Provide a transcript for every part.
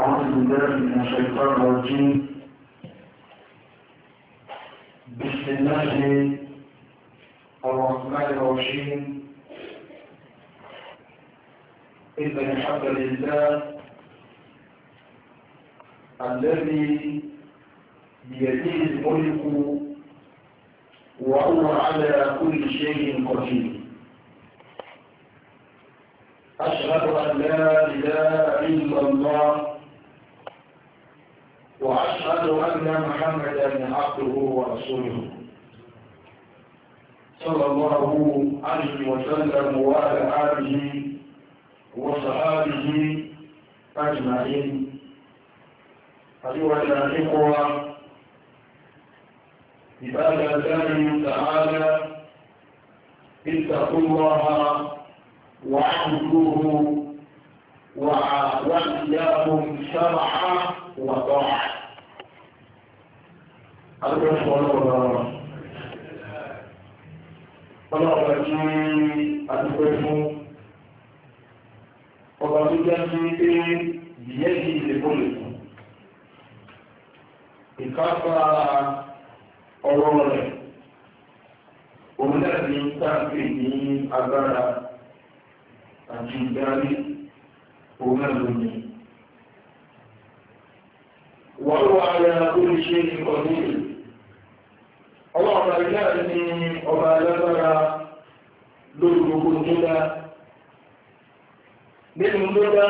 أعوذ بالله من الشيطان الرجيم بسم الله الرحمن الرحيم إن الحمد لله الذي بيده الملك وهو على كل شيء قدير أشهد أن لا إله إلا الله وأشهد أن محمدا عبده ورسوله صلى الله عليه وسلم وعلى آله وصحابه أجمعين أيها الإخوة عباد الله تعالى اتقوا الله وعبدوه وإياكم شرعا وطاعة أدرك الله ọlọ́ọ̀pọ̀ tí àdúgbò fún ọba tó jẹ́ sí pé ìyẹ́ sí ìdèkò lè fún ìkápá ọ̀rọ̀ rẹ̀ òun náà ti ń tàbí ní agbára àti ìdarí òun náà lónìí وهو على كل شيء قدير ọlọ́ọ̀bà ilé àti ọba alágbára lórí gbogbo tó dá nínú tó dá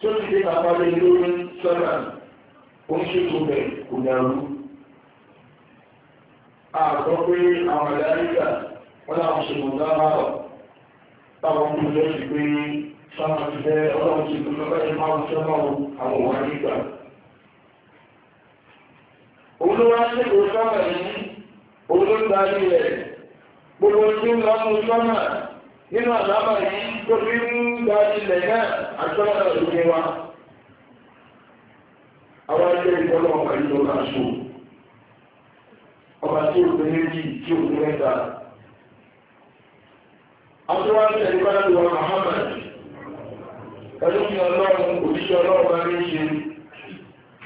tó ti dé àpárẹ lórí sọ́nà ó ń ṣètò bẹ̀ kò dàrú àgbọ́ pé àwọn àdáríkà wọ́n láwọn ọlọ́run ti gbogbo ẹgbẹ́ máa ń àwọn òwò àríkà olówó aṣèkò sọ́nà yìí olóńdarí rẹ̀ gbogbo tí ń lọ́mú sọ́nà nínú àdámà yìí tó fi ń da ilẹ̀ náà àtọ́nà lóde wa. àwọn ilé ìfọ́nà ọ̀pá yìí ló máa so ọba Muhammad ẹlòmíràn ọlọ́run òṣìṣẹ́ ọlọ́run bá ń ṣe.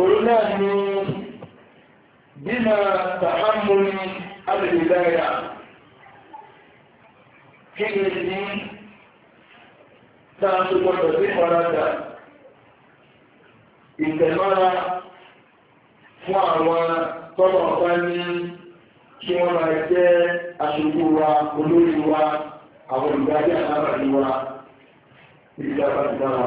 òun náà ni bímọ tàhámúni alìlẹ́yà kí ni ní táàtù gbọdọ̀ sí faradà ìtẹ̀mára fún àwọn tọ́lọ̀ ọ̀pá ní kí wọ́n máa jẹ́ aṣojú wa olórí wa àwọn ìgbàdí àtàrà ní wa ìjọba ìdára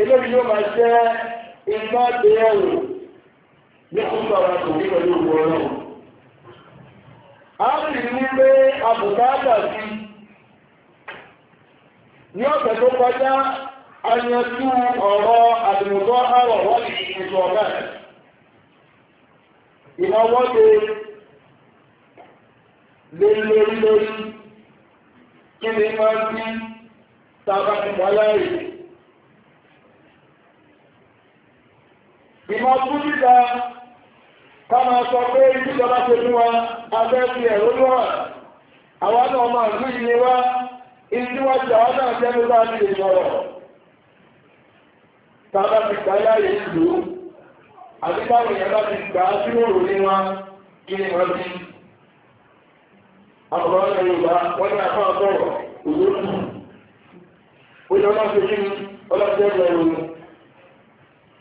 eléyìí ló máa jẹ́ iná dé ẹ̀rù ní kúkú àwọn àtòkí pẹ̀lú òwò ọlọ́run. a rí ní pé àbùkà àgbàsí ní ọ̀sẹ̀ tó kọjá ayanjú ọ̀rọ̀ àdìmọ̀tọ́ àrọ̀ wọ́n ti ṣètò ọ̀gá ẹ̀. ìnáwọ́de lè lórí lórí kí ni máa ń bí tábà ti mọ́ ìmọ̀ tún dídá káàmà sọ pé ìjọba ṣe fún wa abẹ́ ti ẹ̀rọ lọ́wọ́ àwọn náà máa lú ilé wa ìdíwájú àwọn náà jẹ́nu bá ti lè sọ̀rọ̀ tàbá ti gbá láyé ìlú àti báwọn èèyàn bá ti gbà á sí òòrùn ní wa kí ni wọ́n ti àbọ̀bọ̀ ọ̀nà Yorùbá wọ́n ní àfáà sọ̀rọ̀ òyòkù ó yọ ọlọ́sẹ̀ kí ni ọlọ́sẹ̀ ẹ̀rọ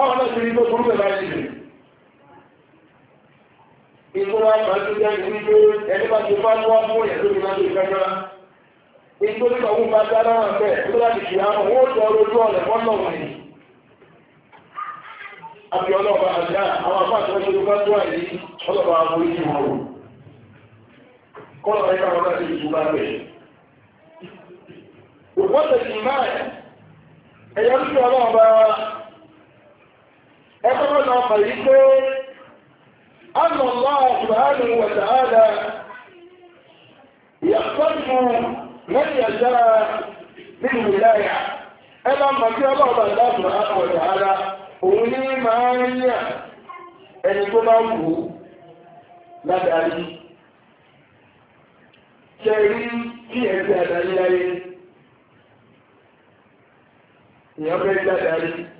Báwọn náà ti rí tó burú bẹ̀rẹ̀ láti rẹ̀. Ìtura máa ń tún jẹ́ wípé ẹni bá ti bá wá fún ìyẹn lórí láti ìkájá. Nítorí àwọn bá dá náà bẹ́ẹ̀ tó láti ṣe àwọn owó tó lójú ọ̀rẹ́ fọ́n náà wọ̀nyí. Àbí ọlọ́ọ̀bà àjá àwọn àbá àtúnṣe tó bá tó àyè ọlọ́ọ̀bà àwọn ìjì wọn rò. Kọ́lọ̀ ẹ̀ka wọn láti ìtura bẹ̀rẹ̀. Òpótẹ̀ ìmáà ẹ̀yọ́ ń sọ ọlọ́ọ̀bà ẹgbẹ́ lọ mọ̀ yí pé ha Allah subhanahu wa ta'ala yàtọ̀jú lẹ́yìn ẹ̀já nínú ìlàyà ẹ lọ ọlọ́ọ̀bà Allah subhanahu wa òun ní máa ń yà ẹni tó máa ń wù ú ládàárí àdáyé láyé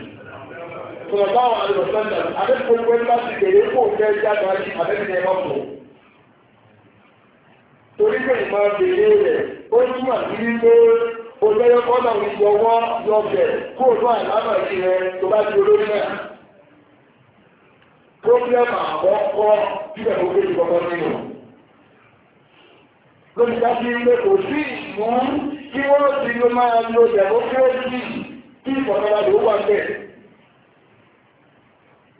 sọ̀rọ̀ báwọn àlùfẹ́ńdà àbẹ́fẹ́fẹ́ bá ti kéré kó fẹ́ jáde ayé àbẹ́fẹ́ ẹ̀ bá fò. torí pé ìmọ̀ àgbèrè rẹ̀ ó túmọ̀ sí wípé olóyè kọ́nà ń yọwọ́ yọbẹ̀ kó o náà lábàá sí rẹ tó bá di olórí náà. pírọ́blẹ́mù àkọ́kọ́ bíbẹ̀ kó kéjì kọ́kọ́ nínú. lóṣìṣẹ́ sí pé kò sí ìmú kí wọ́n ti ló máa lo democracy kí ìfọ̀kànlá ló wà bẹ́ẹ̀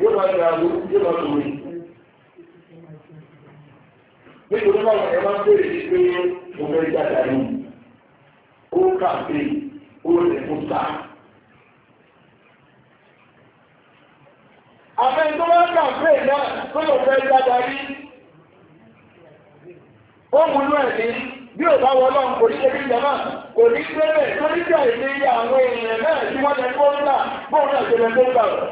yóò máa ṣe àlú yóò máa lòwe. nítorí báwọn ẹ̀ máa ń bèrè sí pé mo fẹ́ jáde àlú ó kàfé ó lè fún ta. àfẹ́ tó máa ń kàfé náà tó lọ fẹ́ jáde àlú ó múlò ẹ̀mí bí ò bá wọlọ́ kò ní ṣebí jama kò ní gbẹ́rẹ̀ lórí ìjà ìdíyà àwọn èèyàn náà tí wọ́n jẹ́ kó ń gbà bóun náà ṣe lọ tó ń gbà rẹ̀.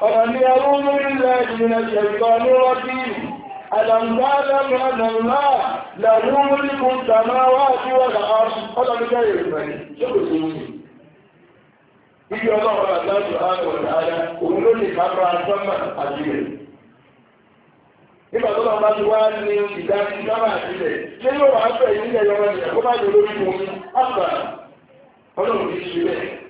ومن يعوذ بالله من الشيطان الرجيم ألم تعلم أن الله له ملك السماوات والأرض قال بجاية المني شكرا سيدي Ibi ọlọ́run àtàkùn àwọn ọ̀dàdà òun ló lè Nígbà tó bá bá ti wá ní ìdájí ṣé yóò wá bẹ̀ bá lórí fún mi? ọlọ́run ti ṣe bẹ́ẹ̀.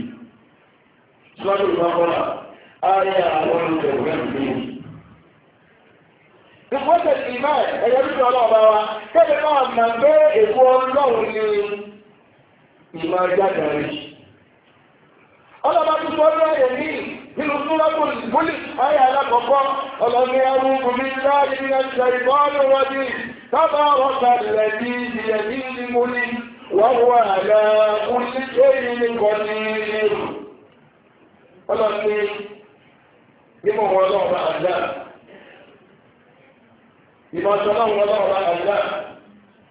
sọ́dọ̀ ìgbàkọ́lá ayé àwọn olùdẹ̀gbẹ́ ìgbìyànjú. Ìfọ́sẹ̀ ìmọ̀ ẹ̀yẹ́ bí ọlọ́ọ̀bá wa, kẹ́lẹ̀ náà mọ̀ pé èkó ọlọ́run ni ìmọ̀ ìjáde rẹ̀. Ọlọ́ba tó sọ ní ẹ̀yẹ̀ ní nínú Súrọ́pù Bólì, ayé alákọ̀ọ́kọ́, ọlọ́ni ẹrú omi láàyè ní ẹ̀ṣẹ̀ ìbọ́ọ̀lù wọn ni, tábà ọ̀sà rẹ̀ ní ìyẹ̀ ní ìlú Mólì, wọ́n wà àlà kúlí ọlọ́run ní mímọ̀ wọn ọlọ́run bá àdúrà ìmọ̀ sọ́nà wọn ọlọ́run bá àdúrà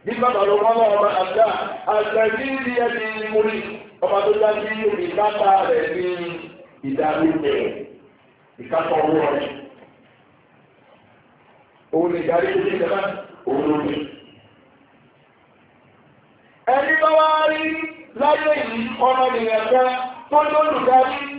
nígbà bàbá wọn ọlọ́run bá àdúrà àgbẹ̀bí rí ẹni múrí ọba tó dá sí omi ìkápá rẹ̀ ní ìdánilẹ̀ ìkápá owó rẹ̀ òun ní ìdarí tó ti dẹ́gbà òun ló ní. ẹni bá wá rí láyé yìí ọmọ nìyẹn kan tó lólùdarí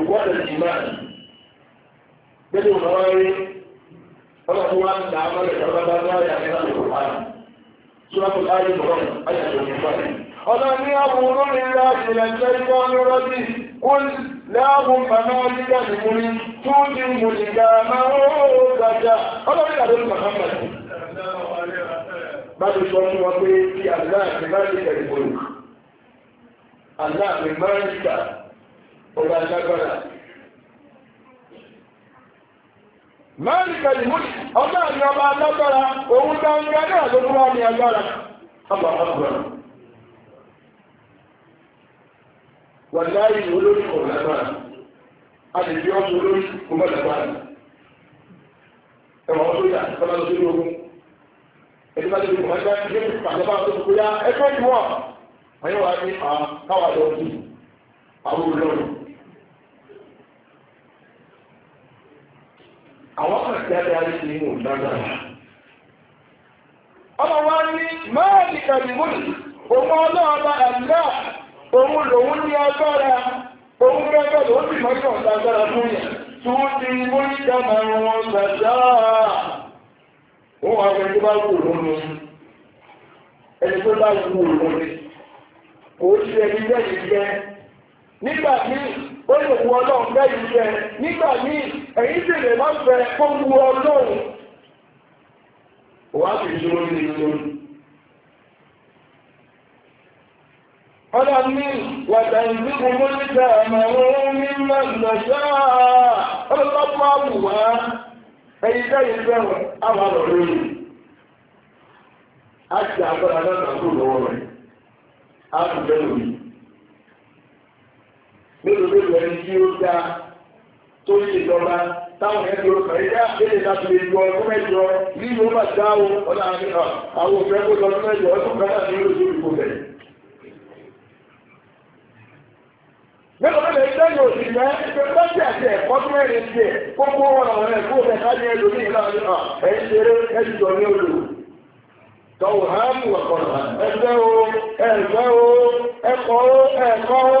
ìwọ́n lè ti máa gbẹ́dẹ̀ wọn wá rí ọlọ́run wá ń tó bá bá bá yà ní láti kò máa bá yẹ bọ̀ ọ̀nà ayà tó tí ń ti ọba alágbára mẹ́rìnkà ìmúlì ọba àmì ọba alágbára òun gbangba náà ló fún àmì agbára ọba alágbára wà láàyè olórí ọba a lè fi ọmọ olórí ọba alágbára ẹwà ọdún yà ọba lọ sí ogun ẹni bá lè fi ọba alágbára ní ìpàdébà tó kúrò yá ẹgbẹ́ ìwọ̀n wọ́n yóò wá ní àwọn káwà lọ́dún àwọn olórí àwọn kan ti a ní ti inú ìdáná. ọmọ wa ní máàlì kàlíwòlì òun ọlọ́ọ̀ba àlá òun lòun ní agbára òun gbẹ́gbẹ́ lòun sì mọ́jọ́ ọ̀dágbára fún yẹn tí ti mú ìdáná wọn gbàdá. òun àwọn ẹni bá wù lónìí ẹni tó bá wù lónìí kò sí ẹni bẹ́ẹ̀ nígbà míì ó lè wọ ọlọ́run bẹ́ẹ̀ yìí yẹ ẹ̀yìn lè fẹ́ kó ọlọ́run wà ní ní wàtà a ti náà rẹ̀ a ti lórí. mélòó mélòó ẹni tí ó dá tó ní ìjọba táwọn ẹni ó kàn yíká léde láti lè gbọ́ ọdún mẹ́jọ ní ìlú bá dá o ọ̀nà àwọn òfin kó ọdún mẹ́jọ ọdún kan náà ní olóṣèlú ìbò bẹ̀rẹ̀. mélòó mélòó ẹni tẹ́lẹ̀ òsì rẹ̀ ẹgbẹ́ pẹ́ẹ́sì àti ẹ̀kọ́ tó mẹ́rin tiẹ̀ kó kó wọn àwọn ẹ̀kọ́ rẹ̀ káyé ẹlòmí ìlànà ẹ̀yìn ṣeré ẹ̀yìn jọ ní olù tọ̀wọ̀ hàn wọ̀kọ̀rọ̀ o ẹ̀fẹ́ o ẹ̀kọ́ o ẹ̀kọ́ o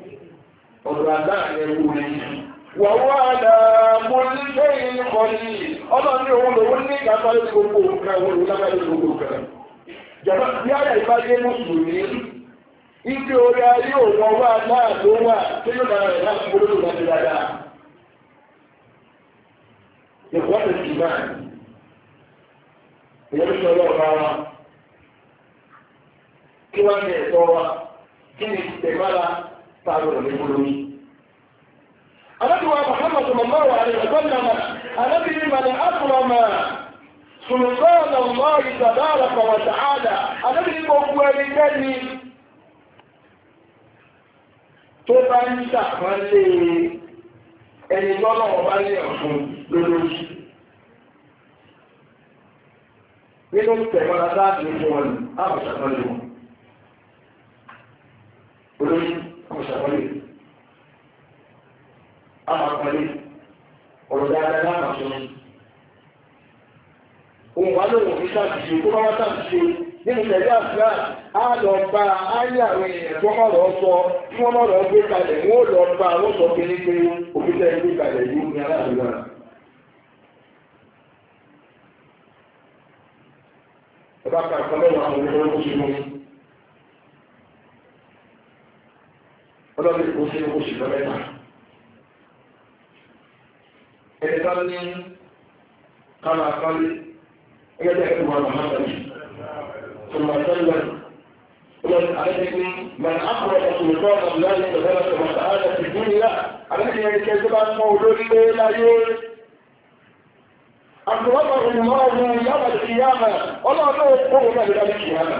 ọ̀dọ̀ àdáàrẹ ẹ̀kú rẹ̀. n'ihe ibi orí ayé wà tí rẹ̀ láti láti dáadáa. ti máa wa. Kí wá ní ẹ̀tọ́ تعالوا للمؤمنين النبي محمد صلى الله عليه وسلم النبي من أكرم سلطان الله تبارك وتعالى النبي مقوالتني tó bá ń ṣàpọ́nlé ẹni lọ́nà ọba ní ọ̀fun lórí nínú tẹ̀wọ́n aláàbò fún wọn láàbò ṣàpọ́nlé wọn olóyún mọ̀ṣàkọ́lé àmàkọ́lé ọ̀rọ̀ dáadáa láàmàṣọ ohun wà lóhùn ní sàṣìṣe tó bá wá sàṣìṣe nínú ìtẹ̀lé àṣírà á lọ bá á ní àwọn èèyàn tó lọ sọ tí wọ́n lọ gbé kalẹ̀ wọ́n lọ bá wọ́n sọ pé òfin gbé ka àwọn ọlọ́run kò ṣe oṣù lọ́rẹ́ náà ẹ̀rẹ́ ká ní kára àkárí ẹgbẹ́ tẹ́ ẹ̀kọ́ wọn máa tẹ̀lé ṣùgbọ́n tẹ́lẹ̀ ọlọ́run àrẹ́gbẹ́ mẹ́rin àpọ̀ ọ̀sùn tó ọ̀nà láyé ìjọba tó máa tààrà ti dín ní yá àrẹ́gbẹ́ ẹni kẹ́ tó bá mọ olórí lé láyé Àgbọ̀wọ́pọ̀ ìmọ̀ ọ̀run yàrá ìyáàmà ọlọ́run ó kó wọn náà lórí ìyáàmà.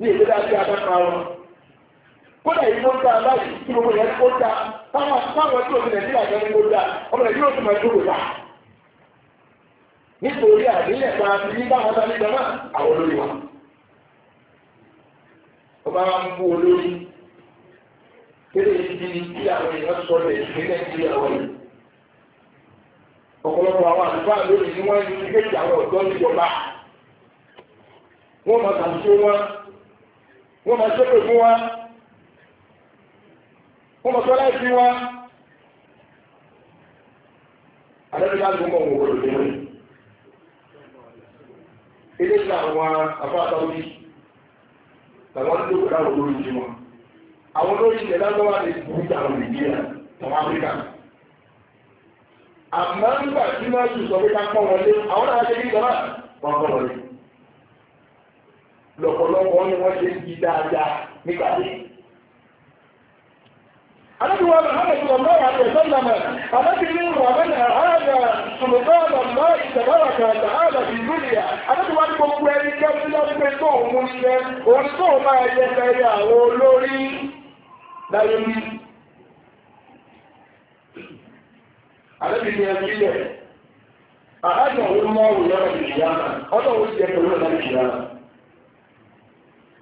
ní ìdílé àti àdápa wọn. kódà yìí ló ń ta báyìí tí gbogbo yẹn kó ta táwọn tí òfin nàìjíríà jẹ́ ní ta ọmọ nàìjíríà ó ti máa dúró ta. nítorí àdínlẹ̀ kan ní báwọn ta àwọn olórí ó bá ń bú olórí kéde ìdí tí àwọn èèyàn sọ ní nàìjíríà ọ̀pọ̀lọpọ̀ àwọn ni wọ́n ń àwọn ọ̀dọ́ wọ́n máa tàbí wọ́n máa ṣépè fún wa wọ́n máa sọ láìsí wa àdébíyá ló mọ̀ wọ́n wọ́n lòdì wọ́n ilé ìlà àwọn afáàtàwọ́dì làwọn ń lòkè láwọn olórí jù wọn àwọn olórí ilẹ̀ lágbọ́wà lè burú jà àwọn Nàìjíríà àwọn Áfíríkà àmọ́ nígbà tí wọ́n ti sọ pé ká pọ́n wọlé àwọn náà ṣe kí ìjọba wọn pọ́n wọlé lọ́pọ̀lọpọ̀ ni wọ́n ṣe ń di dáadáa nígbà tí. Alábìwá Mùhàmmadu Ọlọ́run àti Ẹ̀sọ́lámà, alábìwá Mùhàmmadu Àhàdà, Sùlùmọ́ọ̀lù Ọ̀lá ìtẹ̀báràkà àhàdà ti lúlìyà, alábìwá ní gbogbo ẹni kẹ́kí ilẹ̀, àhàdà òun mọ́ òun lọ́rọ̀ ìṣìyàmà, ọlọ́run ti ẹ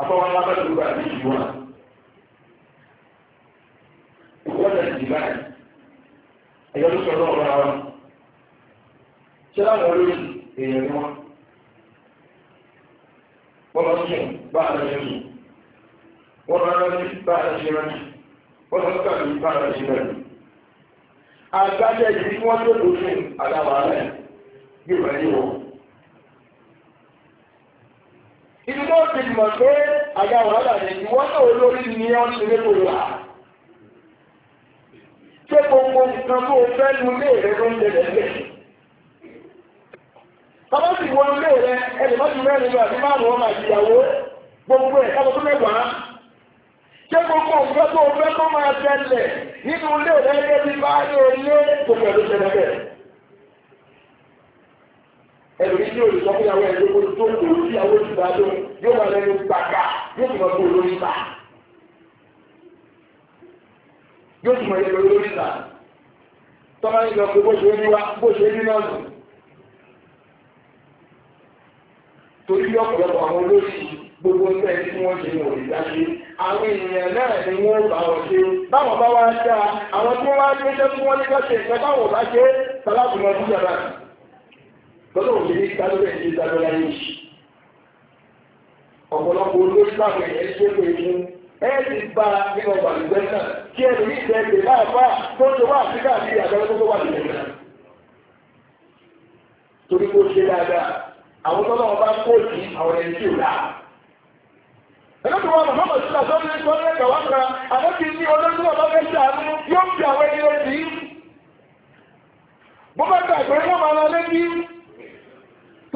afọwọ́n bá bẹ́ẹ̀ lóba ní ìlú wọn. Ìwọ́n lè báyìí. Ẹ̀yọ́ ló sọ̀rọ̀ ọ̀rọ̀ àwọn. Ṣé láwọn olórí èèyàn ni wọ́n? Wọ́n lọ bá ṣe Wọ́n lọ rántí bá ṣe rántí. Wọ́n lọ bá ṣe rántí. Àgbájá ìdí tó lò fún wọ̀. ibi tó ti mọ̀ pé àga wàhálà rẹ̀ ni wọ́n náà olórí ni ọ́ ṣe lépo rà. ṣé gbogbo nǹkan tó fẹ́ nu lé rẹ̀ ló ń tẹ̀lé bẹ̀? bàbá sì wọnú lé rẹ̀ ẹnì má ti mẹ́rin lọ àti márùn-ún ọmọ àtìyàwó gbogbo ẹ̀ kábọ̀ tó mẹ́wàá. ṣé gbogbo nǹkan tó fẹ́ kó máa tẹ̀lé nínú lé rẹ̀ lé bí bá yóò lé gbogbo ẹ̀ ló tẹ̀lé ẹlòmí tí o lè sọ fúnyàwó ẹ lóko tó ń lò sí àwọn oṣù bàbá òun yóò máa lẹnu gbàgbà yóò tún máa kó olórí ta yóò tún máa yẹ olórí ta tọ́lá ní ìjọba bó ṣe ní wa bó ṣe ní náà nù. torí bí ọ̀pọ̀lọpọ̀ àwọn olórí gbogbo ẹgbẹ́ tí wọ́n ṣe ní òní dáṣe àwọn ènìyàn náà ni wọ́n bá wọn ṣe báwọn bá wá dá àwọn tí wọ́n wá gbéṣẹ́ fún wọn nígbà ṣe ìfẹ́ báwọn bá ṣe tọ́lá tọ́lọ́wọ́n ti ní ìtàlọ́lẹ̀ ní ìtàlọ́lá yìí ọ̀pọ̀lọpọ̀ olórí báwọn ẹ̀yẹ ṣe pé fún ẹ̀ẹ́dì bá nínú ọgbà ìgbẹ́ náà kí ẹ̀rù ní ìtẹ́ẹ̀dẹ̀ náà bá tó ṣe wá sí káàkiri àgbẹ̀rẹ̀ tó wà nílẹ̀ náà torí kó ṣe dáadáa àwọn tọ́lọ́wọ́n bá kóòtù àwọn ẹni tí ò dáa ẹ̀lọ́pọ̀ wọn Muhammad sílá tó ní tó lẹ́gbà wá kan àwọn ti ní olóṣù ọba fẹ́ ṣàánú yóò fi àwọn ẹni rẹ̀ sí. bó bá gbàgbé wọn máa lọ lé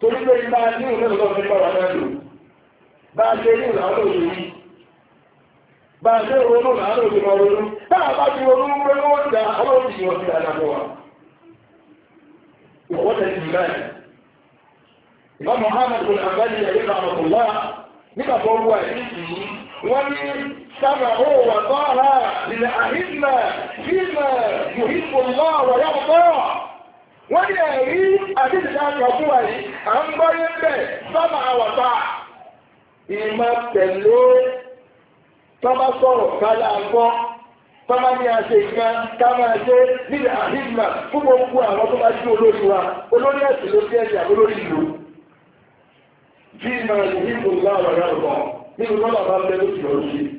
torí pé bá ní òun lọ́wọ́ fún pàwà náà lò bá ṣe ní ìlànà òun yìí wọ́n ní lọ́wọ́ wọ́n ní ẹ̀rí àdíjìdá ọ̀pọ̀ a yìí à ń gbọ́ yé bẹ́ẹ̀ sọ́mà àwọ̀tá ìmọ̀ tẹ̀lé tọ́mà sọ̀rọ̀ kálá àgbọ́ tọ́mà ní àṣẹ ìgbà kámà ṣe nílẹ̀ àhíjìmà fún àwọn tó bá jí olórí wa olórí ẹ̀sìn ló fi ẹ̀jẹ̀ olórí ìlú ìmọ̀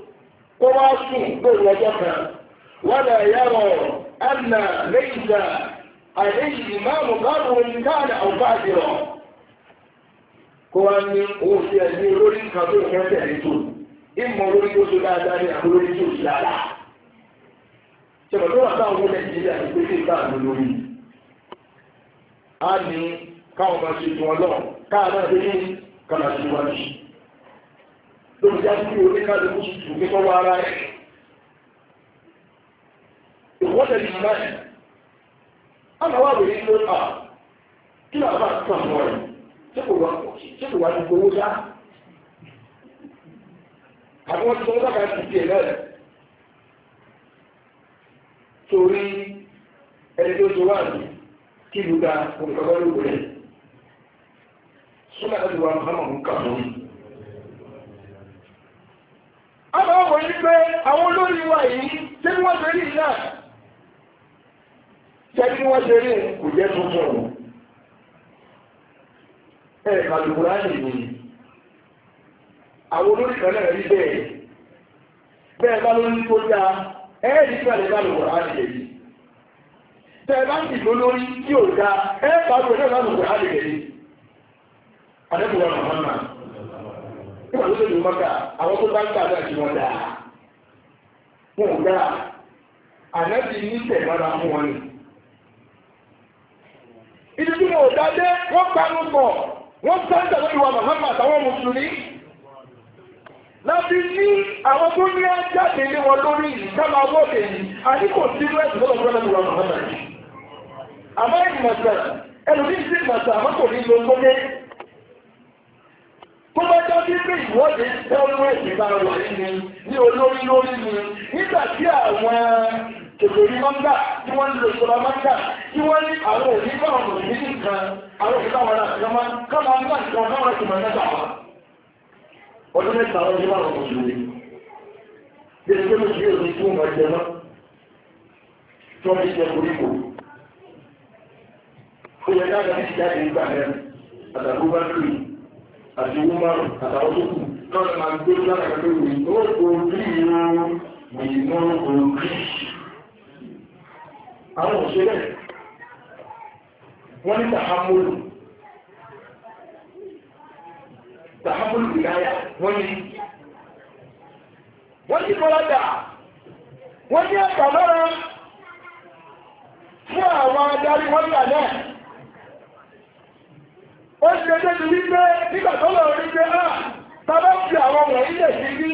kó wá sí ìgbóhùn ọjọ́ kan wọ́n lè yẹ̀rọ ẹ̀nà lẹ́yìnjà àìlẹ́yìn ìmáàmù káàdùn ní káàdì àwùká àdìrọ̀ kó wá ní owó sí ẹ̀mí olórí kan tó yẹ tẹ̀lé tó ìmọ̀ olórí tó so dáadáa ní àwọn olórí tó so dáadáa. ṣèpọ̀ tó wà táwọn ọmọ nàìjíríà ti pé sí lórí. a ní káwọn máa ṣe ìwọ̀n lọ káà náà ní kàlàṣí wájú. ló ń já sí oníkàlùkù tuntun ní ara rẹ̀. ìwọ́tẹ̀ ní ìgbà a máa wà lórí ló à kí tó tí kò ní dá. bá ti torí ẹni tó ní kí ló dá a máa wọ̀ ní pé àwọn olórí wa yìí tí wọ́n ṣe rí náà tẹ́ bí wọ́n ṣe rí kò jẹ́ tuntun ẹ̀ kàlùkùrá nìyí àwọn olórí kan náà rí bẹ́ẹ̀ bẹ́ẹ̀ bá lórí tó dáa ẹ̀ẹ́dì tí wọ́n lè bá lùkùrá nìyí tẹ́ bá ń dìbò lórí tí ò dáa ẹ̀ẹ́ bá lùkùrá nìyí wà lórí ìlú mọ́kà àwọn tó bá ń gbà náà tí wọ́n dáa wọn ò dáa ànábì ní tẹ̀mọ́ra fún wọn ni. ibi tí wọn ò dá dé wọ́n panu pọ̀ wọ́n sáńtà lórí wa màmáma àtàwọn mùsùlùmí. láti ní àwọn tó ní ajáde lé wọn lórí ìdáná wọ́ọ̀dì yìí àní kò sí ní ẹ̀sìn lọ́wọ́ fúnra lórí wa màmáma yìí. àmọ́ ìmọ̀ta ẹlòmíì sí ìmọ̀ta àmọ́ kò ní lo gbọ́dẹ́. Tó bá jọ bí pé ìwọ́de tẹ́wọ́ ẹ̀sìn bá wà ní ní olórí lórí ni nígbà tí àwọn kèbèrè mọ́ńgà tí wọ́n ń lo ìṣọ́ra mọ́ńgà tí wọ́n ní àwọn òní bá wọn ní nìkan àwọn òní báwọn náà ti máa káwọn náà ti wọn náà ti máa mẹ́ta wá. Ọdún mẹ́ta ọdún bá wọn kò sí ní. Bí ẹni tó lè ṣe èdè tí wọ́n máa jẹ náà tí wọ́n fi jẹ koríko. Ó yẹ ká àgbà ti jáde nígbà mẹ́rin àtàkùn bá kiri. àti àtàwọn tó kù lọ́rọ̀ máa gbé látàkì òyìnbó orí ìran òyìnbó orí àwọn òṣèré wọ́n ní tàhámúlù tàhámúlù ìdáyà wọ́n ní wọ́n ní kọ́ládà wọ́n ní àtàlọ́rọ̀ fún àwọn adarí wọ́n ní àdáyà ó ti lè jẹ́ ti wípé nígbà tó pé náà ah, tàbá fi àwọn ọmọ ilẹ̀ sí ní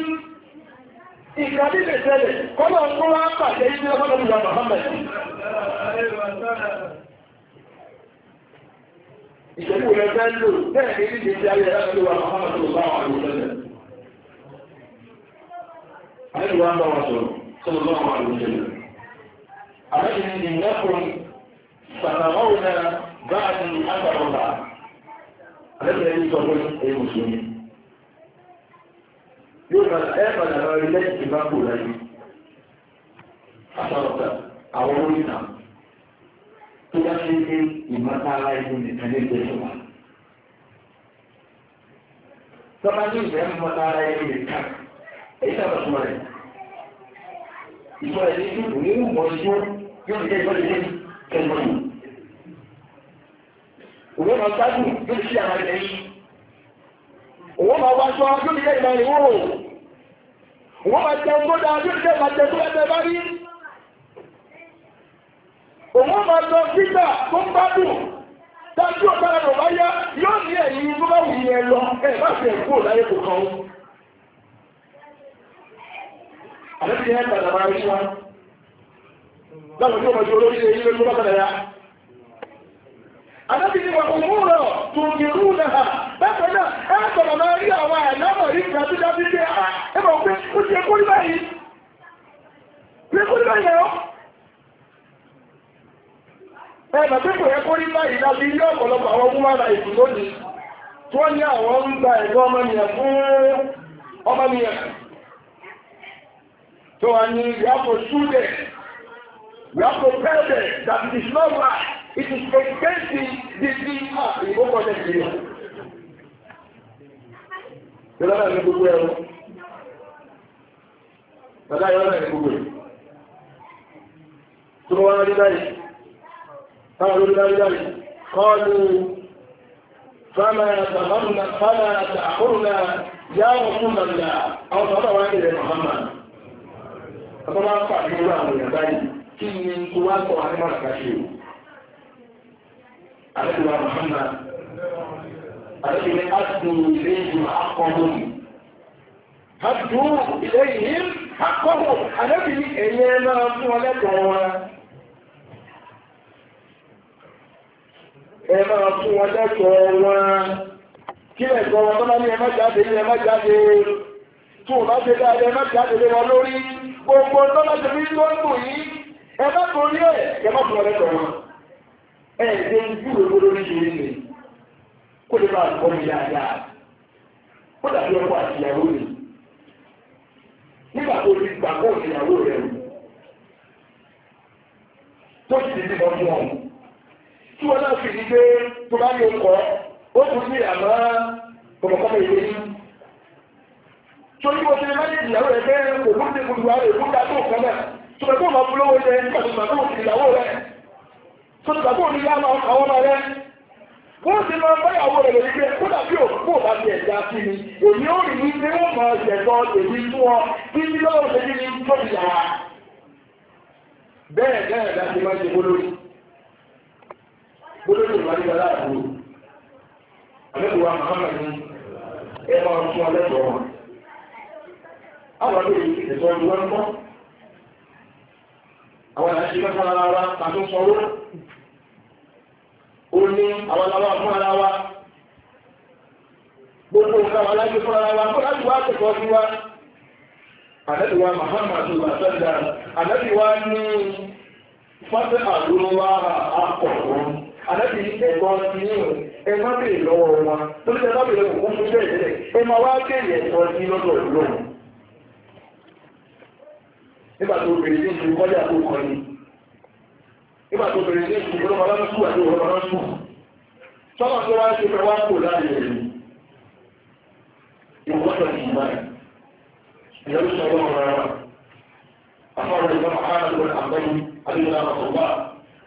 ìgbàdí tẹ́lẹ̀ kọ́lọ̀ ń kúrò ní ìdíje ti àwọn bá àlẹ́bìnrin ẹni sọ ìwọ̀n ìṣó yóò jẹ́ ìfọ̀ ìṣó kẹ́gbọ́n òwò máa gbádùn yóò sí àwọn ilẹ̀ yìí òwò máa wá aṣọ yóò ní lẹ́yìn mẹ́rin òwò máa jẹun tó dáa ní lẹ́yìn máa ẹgbẹ́ bá rí òwò máa tó ń ọ̀tára lọ bá yá yóò ní ẹ̀yìn wù yẹn lọ bá fi ẹ̀kú láyé kò Àdábì ni wàhùn múrọ̀ tòǹgìrú náà. Bákan náà, ẹ sọ̀rọ̀ máa rí àwọn àlámọ̀ rí kan tó ah, ẹ mọ̀ pé ó ti nígbà yìí. nígbà yìí Ẹ bà pé kò láti ilé ọ̀pọ̀lọpọ̀ àwọn ọmọ ara lónìí. Tí wọ́n ní àwọn ń gba ọmọnìyàn fún ọmọnìyàn. Tó wà ní It is expensive degree ah ìbò kọjá ìgbéyà. Yọ̀lá náà ní gbogbo ẹ̀rọ. Bàbá yọ̀lá náà ní gbogbo ẹ̀. Tó wá rí báyìí. Táwọn olórí bá rí báyìí. Kọ́ọ̀lù fámà àtàkọ́rùnà fámà àtàkọ́rùnà yá wọn fún màlá àwọn bàbá wa ń rẹ̀ Màhámà. Bàbá wa ń pàdé wà àwọn ìyàbá yìí. Kí ni kó wá sọ ànímọ̀ àkàṣe o? àlejò Muhammad àlejò ní àdùn ilé ìlú akọ́hùn àdùn ilé ìlú akọ́hùn àlejò ní ẹ̀yẹ náà fún ọlẹ́tọ̀ wọn ẹ máa fún wọn lẹ́tọ̀ wọn kí lẹ́tọ̀ wọn tó bá ní ẹ má jáde ní ẹ má jáde tó bá ṣe dáadé ẹ lé wọn lórí gbogbo tó bá ṣe tó ń bù yìí ẹ ẹ̀ẹ́dẹ́ ìgbúrò gbọ́dọ̀ ní ṣe ní kó lè máa kọ́ mi dáadáa ó dàbí ọkọ àti ìyàwó mi nígbà tó ti gbà kó ìyàwó rẹ̀ rù tó sì ti bímọ fún ọ tí wọn náà fi di pé tó bá ní ọkọ ó tún ní àmọ́ kọ̀mọ̀kọ́mọ̀ ìwé ní torí wọ́n ti lè máa ní ìyàwó rẹ̀ bẹ́ẹ̀ kò lóde gbogbo àwọn èèyàn tó dáa tó kọ́ náà tó bẹ̀ tó máa fún lówó jẹ nígbà tó ti gbàgbọ́ ní yára àwọn ọmọ rẹ wọ́n mọ́ àwọn àti ìgbà fún ara wa pàtó ó ní fún ara wa gbogbo fún ara wa kó láti wá tẹ̀kọ́ sí wa àtẹ́dà ní fásitì àdúrówá ẹ̀kọ́ ní wọn tó ní fún ẹ nígbà tó bèrè ní ìṣòro kọ́lé àti òkàn ni nígbà tó bèrè ní ìṣòro kọ́lé àti òkàn ni ọ̀rọ̀ máa ń sùn sọ́wọ́n tó wá ń ṣe fẹ́ wá kò láàyè rẹ̀ ìwọ́sọ̀ ti ìmọ̀ rẹ̀ ìyẹ́rù sọ̀rọ̀ ọ̀rọ̀ rẹ̀ afọ́rọ̀ ìgbà máa ń lọ àgbẹ̀yìn àdúgbò àmọ̀tọ̀gbà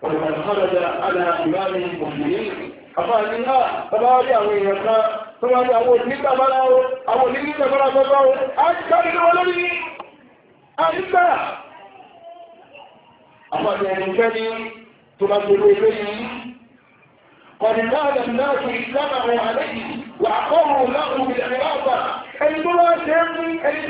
wọ́n máa ń sọ́dọ̀ àdá ìmáàmì òṣèlú àfáàní náà bàbá wá rí àwọn èèyàn kan tó wá ní àwọn òṣèlú tàbára àwọn òṣèlú tàbára gbọ́gbọ́ àríkà àpàdé ẹ̀rùnfẹ́ tó bá gbogbo ilé yìí kọ̀dìlá àdàmìláàkù ìsìlámàwò àlẹ́yìn wà kọ́rù láàrùn ìlànà ẹni tó wá ṣe ní ẹni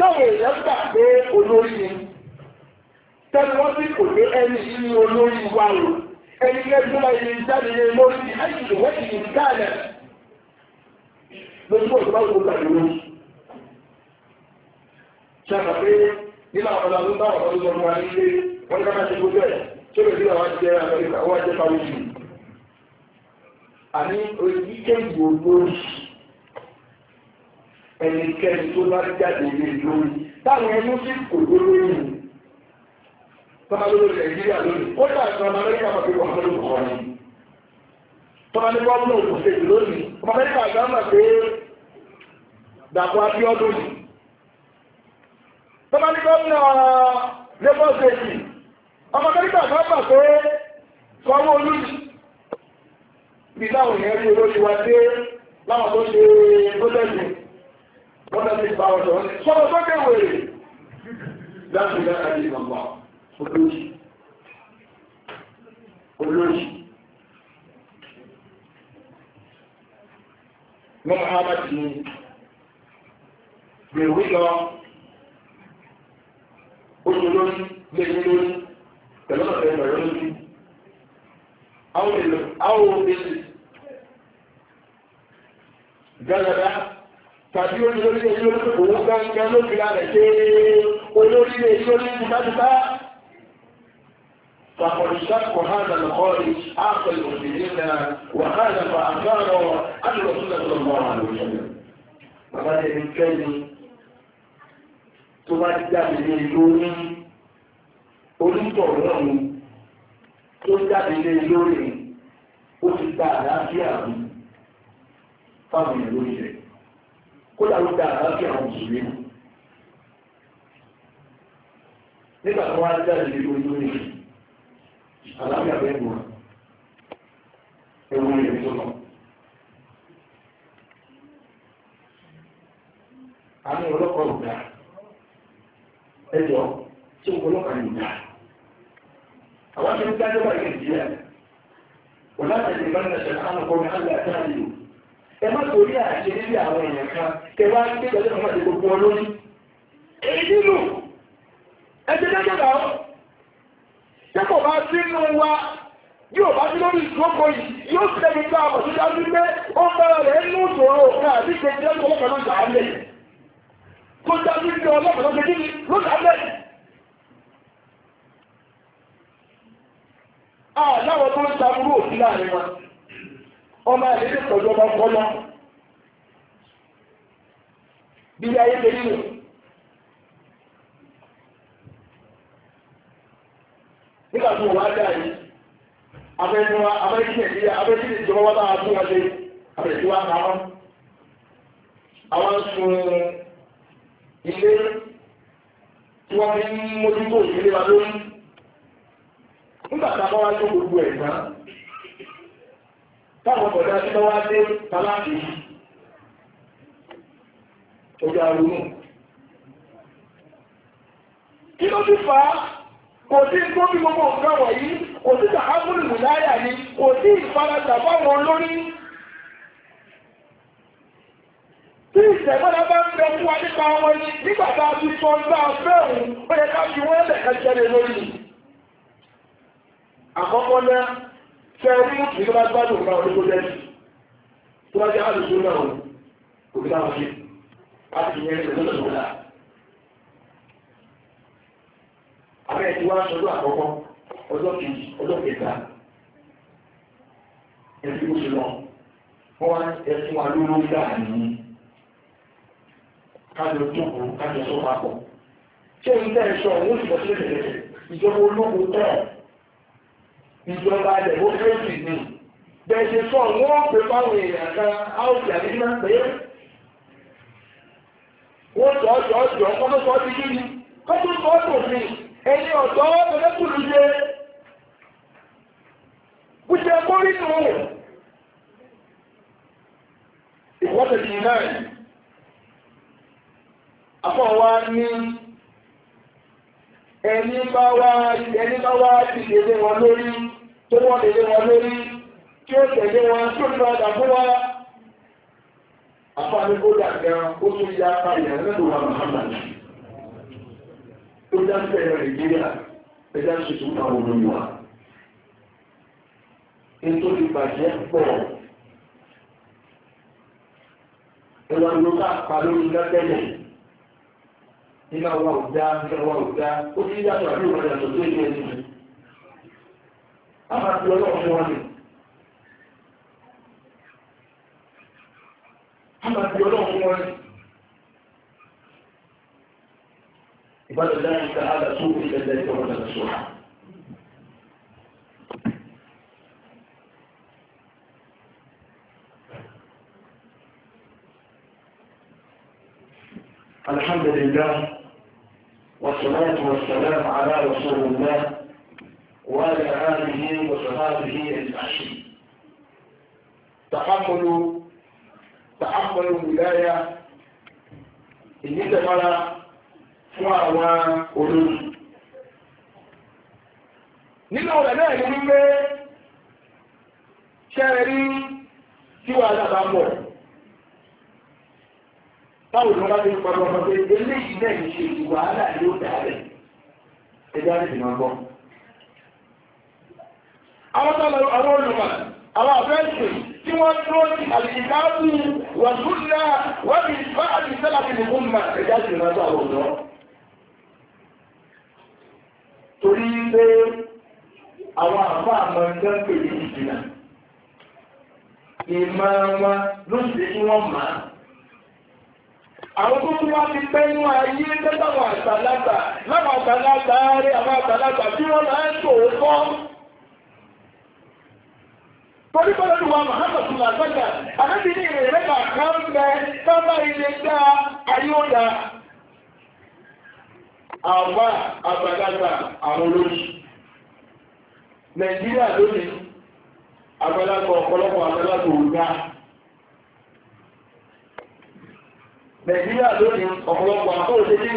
nínú àwọn ọ̀dọ́ tó táwọn ọ̀dọ́ tó wà nílé wọn ní káfíńsì gbogbo ẹ̀ tí ó lè dín àwọn jẹ́ amẹ́ríkà wọ́n jẹ́ pàwọ́ jù. àní orí kéèkì olórí ẹnikẹ́ni tó bá jáde lé lórí táwọn ẹni sì kò ló lórí tọ́ba ló lórí nàìjíríà lórí ó dà sọ ọmọ amẹ́ríkà máa fi wọ́n lórí kọ́ ni tọ́ba ní gọ́ọ̀mù òkùnfẹ́ lónìí ọmọ amẹ́ríkà gbá tọ́bá ní gómìnà Lagos State ọmọ kẹ́ríkà kan bà pé kọwọ́ olú bí láwọn èèyàn rí olóṣù wa dé láwọn tó ṣe lọ́tẹ̀sì lọ́tẹ̀sì bá wọn sọ̀rọ̀ sọ́wọ́ tó kéwèé láti ìdára ní ìgbàgbà olóṣù olóṣù Muhammad ni gbèrú lọ oṣù lórí lẹ́yìn lórí tẹ̀lọ́nà tẹ̀lẹ́ bẹ̀rẹ̀ lórí àwọn èlò àwọn òbèlè gbàgbà tàbí oṣù lórí lẹ́yìn lórí òwò gángan ló fi lálẹ́ ṣe olórí lẹ́yìn lórí kúkádùká فقد شك هذا الخارج عقل المسلمين وخالف اثاره عن رسول الله صلى الله عليه وسلم. فقال ابن كلمه tó bá ti jáde lé lórí onítọ̀ lọ́run tó jáde lé lórí ó ti gba àlàáfíà mi fáwọn èèyàn lórí rẹ̀ kódà ló gba àlàáfíà àwọn mùsùlùmí nígbà tó wá jáde lé lórí lórí àlàáfíà bẹ́ẹ̀ mú wa ewu yẹn tó lọ. àwọn ọlọ́kọ̀ọ́ gbà. ẹjọ́ tí ọ̀pọ̀lọpàá lè ní àgbà àwọn èèyàn kan kẹ bá bá lórí yìí yóò dájú pé ó rẹ̀ ń mú ìṣòro àti tó dájú ní ọlọ́pàá lọ́sẹ̀ kí ni lóṣà Àláwọ̀ tó ń taburú òsì láàrin wọn, ọmọ àdéhùn ìtọ́jú ọmọ kọ́lá. Bí ayé ṣe nínú. Nígbà tí wọ́n wá dá yìí, abẹ́nuwa, abẹ́sílẹ̀ ìdíyà, abẹ́sílẹ̀ ìjọba wá bá wa tún wa ṣe, abẹ́sílẹ̀ wa ilé tí wọ́n fi ń mójútó ìdílé wa lórí nígbà táwọn wá tó gbogbo ẹ̀ náà táwọn ọ̀dọ́ tí wọ́n wá dé paláàtì yìí ojú arúnú kí ló ti fa kò sí gómìnà gbogbo nǹkan wọ̀nyí kò sí sàkámúlù láyà ni kò sí Tí ìṣẹ̀gbọ́dá bá ń bẹ fún wa nípa wọn ní nígbàtà ti sọ ńlá fẹ́rùn ó yẹ ká fi wọ́n lẹ̀kẹ́ jẹ́lẹ̀ lórí. Àkọ́kọ́ náà, fẹ́ rí ìjọba gbádùn ọ̀gá orígbó jẹ́ tó bá jẹ́ àdùsú náà kò fi dáhùn sí láti yẹn ìṣẹ̀lẹ̀ lọ́dọ̀ náà. Abẹ́ ti wá sọdún àkọ́kọ́, ọjọ́ kejì, ọjọ́ kẹta, ẹ̀sìn oṣù náà, wọ́n wá ẹ̀sìn wa lóró dáa nìyí kájọ jókòó kájọ tó papọ̀ ṣé ilé ẹ̀ṣọ́ òun sì lọ́sí ìrẹ̀lẹ̀ ìjọba ológun tọ̀ ìjọba democracy ni bẹ́ẹ̀ ṣe sọ wọ́n pè fáwọn èèyàn kan áùsì àdínà pé wọ́n sọ ọjọ́ ọjọ́ kọ́tọ́ sọ ti kí ni kọ́tọ́ sọ ọjọ́ mi ẹni ọ̀dọ́ ọ̀dọ́kùnrin ṣe kú jẹ kórìtù ìwọ́sẹ̀ tì náà àpọ̀ wá ní ẹni bá wá ti lèlé wọn lórí tó wọ́n wọn lórí tí ó tẹ̀lé wọn tó ní ọjà fún wá àpá ní ó dàgbà ó tún ya pàyà lẹ́nu wa Muhammad ó dá ẹwà ló nínú ọwọ́ òdá nínú ọwọ́ òdá ó ti yá ìwà lóòrùn ẹ̀yà tó tó ilé ẹni mi. a máa fi ọlọ́run fún wọn ni. a máa fi ọlọ́run fún wọn ni. ìbálò láyé ká á lọ sókè ẹgbẹ́ tí wọ́n lọ sọ́ra. الحمد لله والصلاة والسلام على رسول الله وعلى آله وصحابه أجمعين. تحمل تحمل الولاية إن تفرى فوى وأولوز. نقول أنا أجمل شاري سوى هذا táwọn ìjọba ti ń pariwo ọmọ pé eléyìí náà ń ṣe wàhálà yóò dà rẹ̀ ẹgbẹ́ àti ìmọ̀ gbọ́. àwọn tó lọ àwọn olùmọ̀ àwọn àfẹ́sì tí wọ́n dúró sí àlìkáàbù wàsúnà wàbí bá àti sẹ́lá ti lè fún mà ẹgbẹ́ àti ìmọ̀ gbọ́ àwọn ọ̀dọ́. torí pé àwọn àfa àmọ́ ń dán pèlú ìdìnnà ìmọ̀ wọn ló ń ṣe kí wọ́n máa àwọn tó tún wá ti pẹ́ inú ayé tẹ́tàwọn àgbàlagbà láwọn àgbàlagbà rí àwọn àgbàlagbà tí wọ́n máa ń tò fọ́. Torí bọ́lá ni wọn máa bàtú làgbàgbà, àbẹ́bí ní ìrẹ̀lẹ́ kàkà ń bẹ sábà ilé dá ayé ó dá. Àwa àgbàlagbà àwọn olóyìn. Nàìjíríà lónìí, àgbàlagbà ọ̀pọ̀lọpọ̀ àgbàlagbà òun dá. nàìjíríà lónìí ọ̀pọ̀lọpọ̀ àkóòdé tí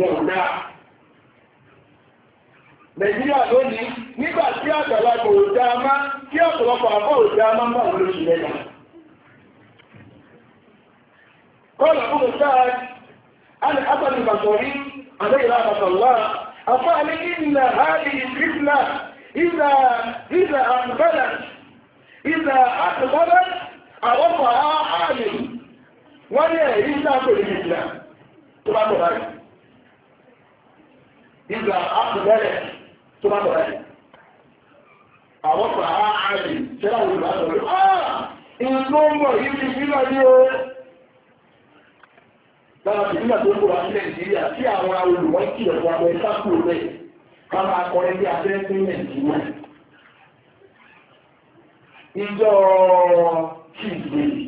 wọ́n ń dá nàìjíríà lónìí nígbà tí àgbàlagbà ò dá má kí ọ̀pọ̀lọpọ̀ àkóòdé dá má bá wọn lóṣù mẹ́ta kọ́lá fún mi sáà alẹ́ abàmì bàtọ̀rí alẹ́ ìlà àbàtọ̀lá wọ́n ní ẹ̀rí islam pẹ̀lú islam tó bá islam tó bá àwọn á bá ah ń bọ̀ yìí ti ní o lára tó ń bọ̀ nàìjíríà tí àwọn olùwọ́n kìlọ̀ fún abẹ́ rẹ̀ ká máa kọ nàìjíríà ìjọ kìí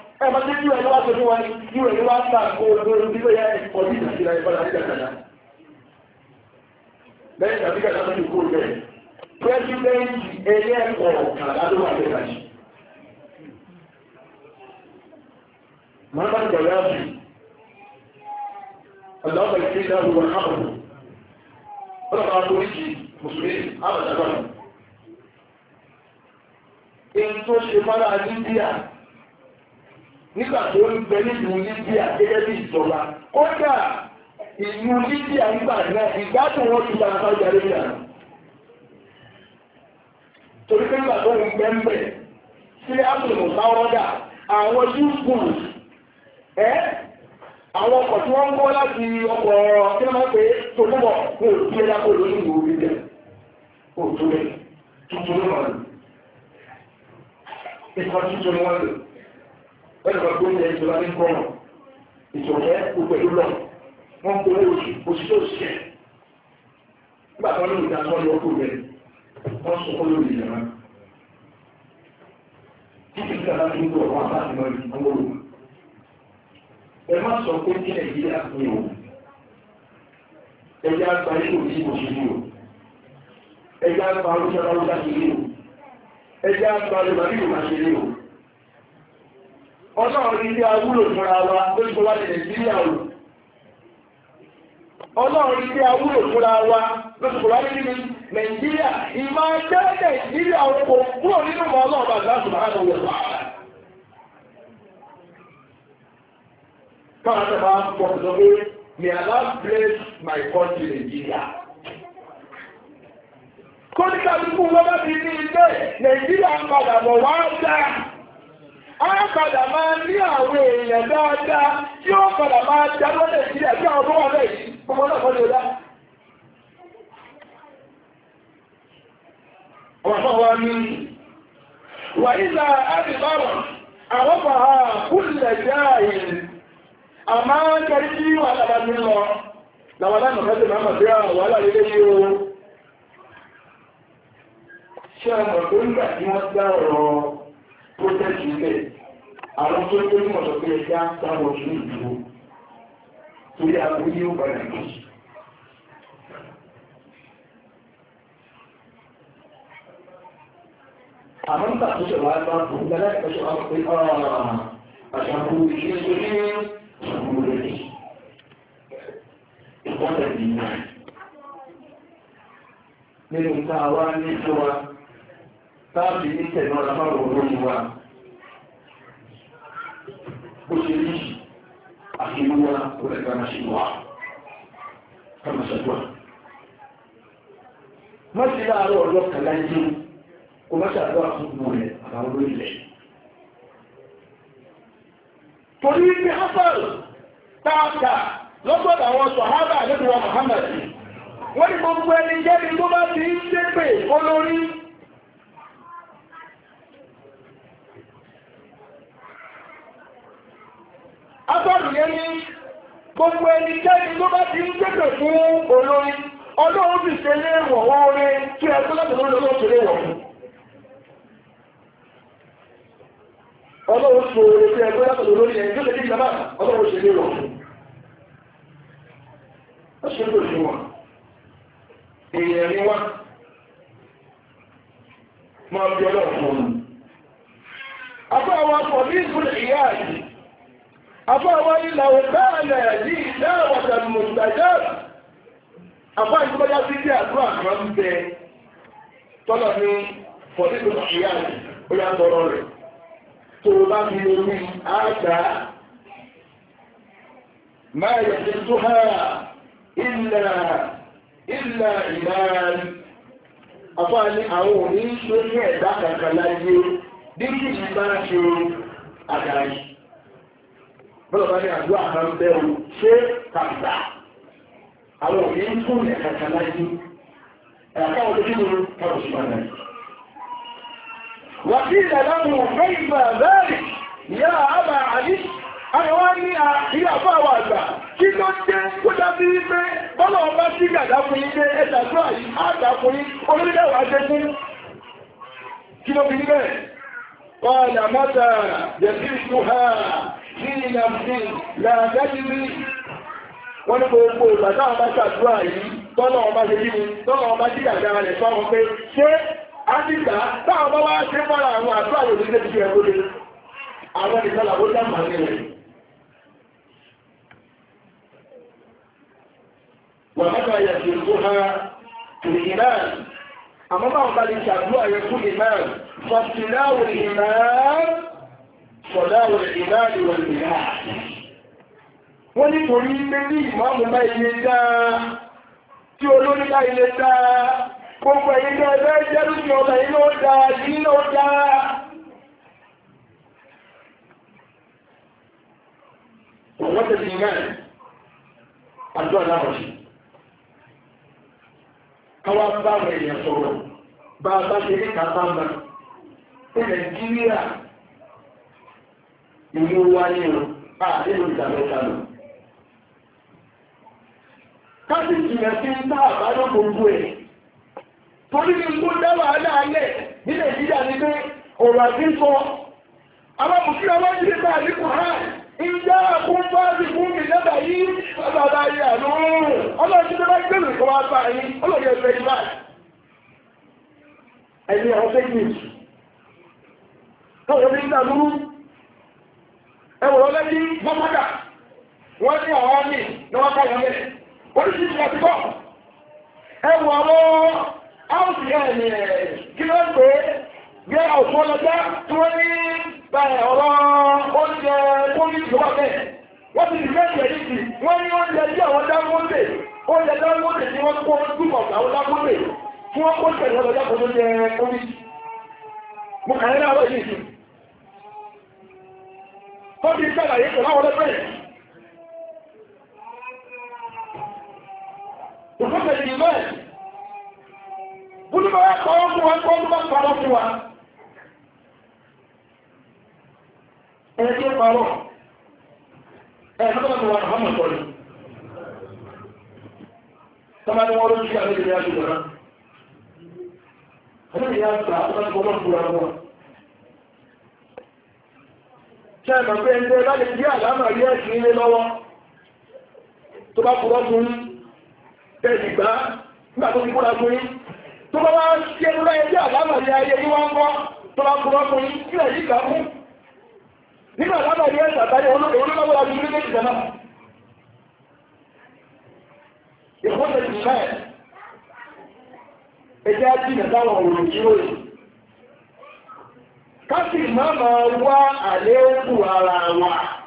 ẹ máa tẹ́ yíò ẹ̀lọ́wà tó ní wọn yíò ẹ̀lọ́wà tó àkó olóòrùn bí lóyá ọdún ìgbàsílẹ̀ ìbára àdígbàdàdà lẹ́yìn ìgbàsílẹ̀ tó ní kó bẹ́ẹ̀ pẹ́sidẹ́ntì ẹ̀yẹ́ ẹ̀kọ́ kàdá ló wà lẹ́yìn àjí máa bá gbẹ̀rẹ̀ àbù ọ̀dọ́gbà ìpínlẹ̀ àwọn àbù ọlọ́pàá polisi mùsùlùmí àbàdàgbà èyí tó ṣe mọ́ra ní bíyà nígbà tó ń bẹ nínú Libya gẹ́gẹ́ bí ìjọba kódà ìlú Libya nígbà náà ìgbádùn wọn ti lára sáwọ́dì arábíà torí pé nígbà tó ń bẹ ń bẹ sí ápùlù sáwọ́dà àwọn yúkùn ẹ́ àwọn ọkọ̀ tí wọ́n ń kọ́ láti ọkọ̀ kí wọ́n máa pè é tó túbọ̀ kó o tí ẹ dákò lórí ìwò wọ́n lọ gbé ilẹ̀ ìjọba ní gbọ́nà ìtọ̀kẹ́ gbogbo ìlú lọ wọ́n kó owó oṣù oṣù tó ṣiṣẹ́ nígbà tó ní ìdásọ́ lọ kó rẹ̀ wọ́n sọ fún lórí ìjọba títí tí a bá ti ń bọ̀ wọ́n bá ti lọ ìlú gbọ́nà ẹ má sọ pé kí nàìjíríà ní o ẹjẹ àgbà yìí kò sí oṣù ní o ẹjẹ àgbà arúgbó arúgbó o ẹjẹ àgbà arúgbó arúgbó ṣe ní o. ọlọ́run ilé awúlò fúnra wa ló ní nàìjíríà o ọlọ́run nàìjíríà oko kúrò nínú ọmọ ọlọ́run bá gbà sùn láàrín òwò káwọn àti àwọn akọ̀ọ̀sọ̀ bless my country ti ní ilé nàìjíríà á padà máa ní àwọn èèyàn dáadáa tí ó padà máa dá lọ́lẹ̀ sí àti àwọn ọmọ rẹ̀ yìí gbogbo náà kọ́ni ọ̀dá. Ọ̀pọ̀ wa ní wà nígbà àdìbàrọ̀ àwọn fàá kúlẹ̀ jáàyè àmá kẹrí tí wà lábá ní lọ làwọn lánàá kẹsì máa mọ̀ sí àwọn aláàrẹ́lẹ́ yìí o. Ṣé ọmọ tó ń gbà tí wọ́n dá ọ̀rọ̀ protest ilẹ̀ àwọn tó tó mọ̀ sọ pé ẹja dáwọ̀ sí ìdúró torí àwọn yíò padà lọ sí. àmọ́ nígbà tó sọ̀rọ̀ àgbà tó ń gbẹ́lẹ́ ẹ̀ṣọ́ àwọn pé ah, àṣàkó ìṣe tó ní ìṣàkó rẹ̀ ìpọ́nlẹ̀ nìyà nínú tá a bó ṣe rí àfihàn rẹ̀ kama ṣe wà kama ṣàdúrà má sí láàárọ̀ ọjọ́ kàlá ń dín kó má ṣàdúrà fún ọmọ rẹ̀ àbáwọn olóyìnlẹ̀ torí ní hasan tààtà lọ́gbọ̀dọ̀ àwọn sọ̀hábà lẹ́gbẹ̀wọ̀ Muhammad wọ́n ni gbogbo ẹni jẹ́ ni tó bá Abọ́bìnrin ní gbogbo ẹni jẹ́ni ló bá ti ń gbẹ́gbẹ̀ fún olórin, ọlọ́run sì ṣe lé wọ̀ orin tí ẹ tó láti lórí olóòtú lé wọ̀ fún. afáwa ilà òkà àlẹ̀ ní ìdá àwàdà mùsàdá afá ìgbọ́yá sí kí àdúrà kan ń bẹ tọ́lọ̀ ní fọ̀dílù ìyá rẹ̀ ó yá tọrọ rẹ̀ tó bá fi orí àgbà máa yẹ̀ tó hà ilà ilà ìlànà afá àwọn òní lórí ẹ̀dá kankan láyé bí kí ṣe àdáyé bọ́lọ̀bá ní àdúrà kan bẹ́rù ṣé àwọn òní ń tún ní ẹ̀kàkà ẹ̀kọ́ òní nínú kàbà sí máa náà wàtí ìdàdánù fẹ́ìgbà bẹ́ẹ̀rì yá àbà àdí àwọn ní wà àgbà kí kó dábí wípé bọ́lọ̀ọ̀bá sí nínú ìyàmùsí làágẹ́jìrí wọ́n ní gbogbo ìgbà náà ṣàdúrà yìí tọ́nà ọba ṣe yìí tọ́nà ọba jí àdára rẹ̀ sọ́wọ́n pé ṣé a táwọn bá ṣe fọ́ra àwọn àdúrà yóò ní ṣe ẹ̀kọ́ lé àwọn ìṣẹ́lá ó dá màá nílẹ̀ sọ̀dáwò ìbáàdì wọ̀ ìgbà wọ́n nítorí pé ní ìmáàmù bá ilé dáa tí olórí bá ilé dáa gbogbo ẹ̀yìn náà ẹgbẹ́ jẹ́rú sí ọ̀nà ilé ó dáa sí ilé ó dáa wọ́n tẹ̀sí mẹ́rin àjọ aláwọ̀sí káwá bá àwọn èèyàn sọ̀rọ̀ bá a bá ṣe ní kàtàmà ní Nàìjíríà ìlú wá nínú àdínú ìdàlọ́kàlù. Káṣíkì rẹ̀ fi ń tá àbájọ́ gbogbo ẹ̀. Torí ní kó dáwà aláàlẹ̀ ní Nàìjíríà ní pé ọ̀rọ̀ àti sọ. Alábùkí alájílé bá ẹwọ̀rọ̀ lẹ́bí wọ́n mọ́dà wọ́n ní àwọn ọmọ ní wọ́n ká ìyàwó rẹ̀ oríṣiríṣi àti bọ́ ẹwọ̀ ọ̀rọ̀ áùsì ẹ̀mí kí ló ń pè é gbé àwòsàn ọlọ́jà tí wọ́n ní ọ̀rọ̀ oúnjẹ pólítì wà bẹ́ẹ̀ wọ́n ti dìbẹ́ ìgbẹ́ yìí wọ́n ní oúnjẹ tí àwọn dáńgóńdè oúnjẹ dáńgóńdè tí wọ́n kó túbọ̀ àwọn dáńgóńdè tí wọ́n kó tẹ̀lé ọlọ́jà kó tó jẹ pólítì mo kàn tó bí sàlàyé pẹ̀lú àwọn ọlọ́pẹ̀rẹ̀. Òkúta ìdí bẹ́ẹ̀, Búdúbọ̀ wá kọ́ fún wa kọ́ bá parọ́ fún wa. Ẹni tí ó parọ́, ẹni tó bá tó wà ní ọmọ ìtọ́jú. Tọ́mọ́ ni wọ́n ló ń ṣe àwọn ìdílé àjùmọ̀ náà. Àwọn ìdílé àjùmọ̀ àti ọmọ ìtọ́jú ṣẹ́ẹ̀mọ̀ pé ẹgbẹ́ bá lè jẹ́ àlámà rí ẹ̀sìn ilé lọ́wọ́ tó bá kúrọ́ fún tẹ́lì gbá nígbà tó ti kúrọ́ fún tó bá wá ṣe lọ́wọ́ ẹgbẹ́ àlámà rí ayé ní wọ́n kọ́ tó bá kúrọ́ fún yìí nígbà rí sì má máa wá ara wa.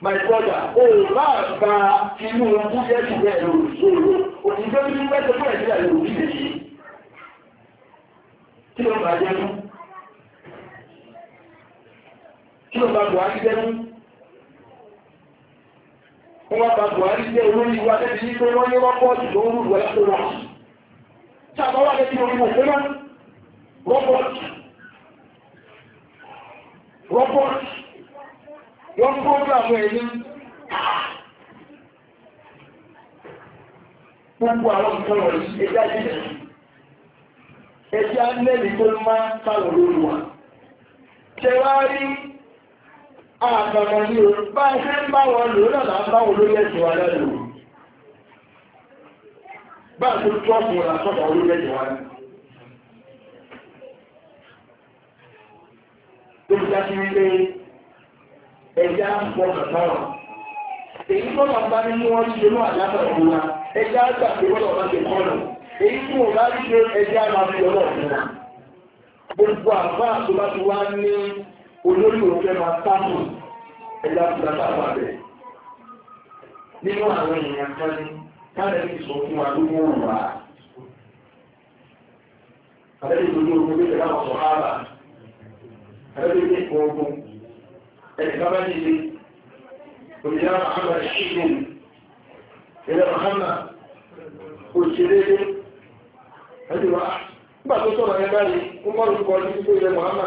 My brother, o bá gba inú ọdún jẹ́ jù bẹ́ẹ̀ lò sóòrò, òtítọ́ ní pẹ́tọ́ fún ẹ̀jẹ̀ àlè òbí lè Kí ló bá jẹ́ mú? Kí ló bá Buhari jẹ́ mú? Wọ́n wá bá Buhari jẹ́ olórí wa tẹ́lẹ̀ ní pé wọ́n rọ́pọ̀ wọ́n kó ojú àwọn ẹ̀yẹ gbogbo àwọn nǹkan wọ̀nyí ẹja jìnà ẹja mẹ́rin tó máa táwọn olóòrùn wa tẹwárí àgbàmọ̀ ní o bá ṣe ń bá wọn lò náà bá wọn lórí ẹ̀sìn wa lẹ́nu bá tó tọ́ fún ọ̀làsọ́dọ̀ olórí ẹ̀sìn wa lẹ́nu já sí wípé ẹja ń pọ̀ kàtàrọ̀. Èyí tó máa bá nínú wọn ṣe mọ́ àlàbà ìlú wa, ẹja gbà pé wọ́n lọ́wọ́ ṣe kọ́nù. Èyí tó bá rí pé ẹja máa fi ọlọ́ fún wa. Gbogbo àbá tó bá ti wá ní olórí òfin máa sáàmù ẹja tó bá sáàmù abẹ. Nínú àwọn èèyàn kan ní káàdì ti sọ fún wa ló mú Àbẹ́lẹ́ ìlú ní ogun gbé pẹ̀lú ẹgbẹ́ ní ogun ẹ̀kọ́bá nílé òmìnira àmà ṣílù ilẹ̀ ọ̀hánà òṣèré ẹjọ́wà nígbà tó sọ̀rọ̀ ẹ báyìí ó mọ́ lùkọ́ ní pípé ilẹ̀ mọ̀hánà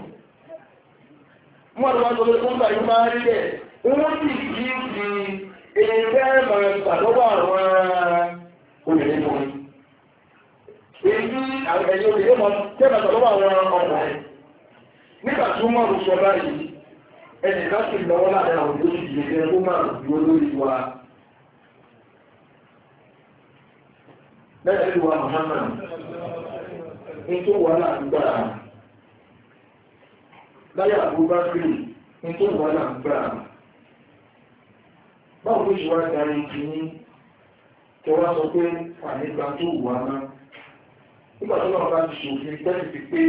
wọ́n lọ́wọ́ tó lè fún bàyí máa rí ẹ̀ wọ́n sì kí fi ẹgbẹ́ mọ̀rẹ̀ pàdọ́wọ́ àwọn obìnrin fún mi èyí ẹ̀yìn wa lẹ́yìn ìwà Muhammad láyé àbúgbá pè ní tó wọ́n náà gbà báwo ló ṣe wá darí kìíní tó wá sọ pé ànígbà tó wà náà nígbà tó náà bá ti ṣòfin tẹ́lẹ̀ ti pé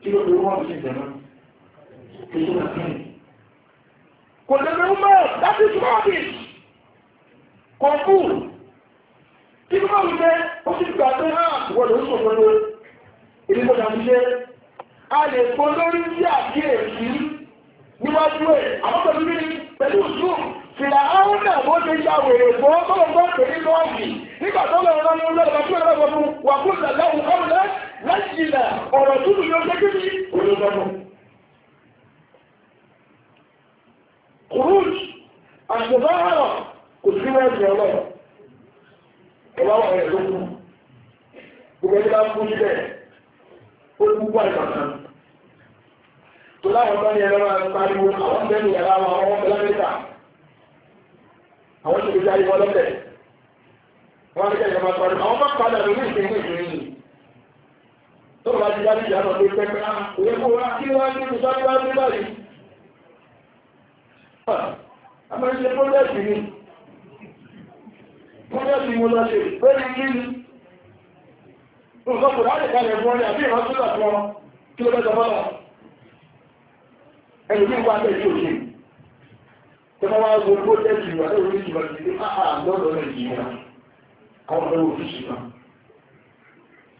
kí ló lè wọ́n ti dẹ̀mọ́ kí ló lè kí kò lè mẹ́rún mọ́ that is rubbish kò kú kí ló máa wù pé ó ti gbà pé náà wọ́n lè sọ̀rọ̀ lórí ìdíkọ̀dà ti ṣe a lè pọ̀ lórí sí àkíyèsí níwájú ẹ̀ àwọn pẹ̀lú ní pẹ̀lú ìṣú áwọn náà bó ṣe ya fún ọgọ́gọ́ pè ní nígbà tó lọ rán ní olóòrùn wà fún ìṣẹ̀lẹ̀wò gbogbo ẹgbẹ́ bá kú níbẹ̀ ó kú pọ̀ ìgbà tó láwọn bá ní ẹ̀rọ máa ń pariwo àwọn bẹ́ẹ̀ ní ẹ̀rọ àwọn ọmọ ọmọ lámẹ́ríkà àwọn ṣèlú jáde wọn lọ́tẹ̀ wọn ní kẹ́kẹ́ máa pariwo àwọn bá padà lórí ìṣẹ́gun ìṣẹ́gun yìí tó bá ti dájú ìyá náà ló pẹ́pẹ́ á ah, òye kó wá kí wá ní ìṣọ́ ní wá ní ẹni tí wọ́n tẹ̀lé òṣè tí wọ́n wá wo protest ìwà tó rí ìwà sí àà lọ́dọ̀ rẹ̀ yìí àwọn ọmọ òfin ṣùgbọ́n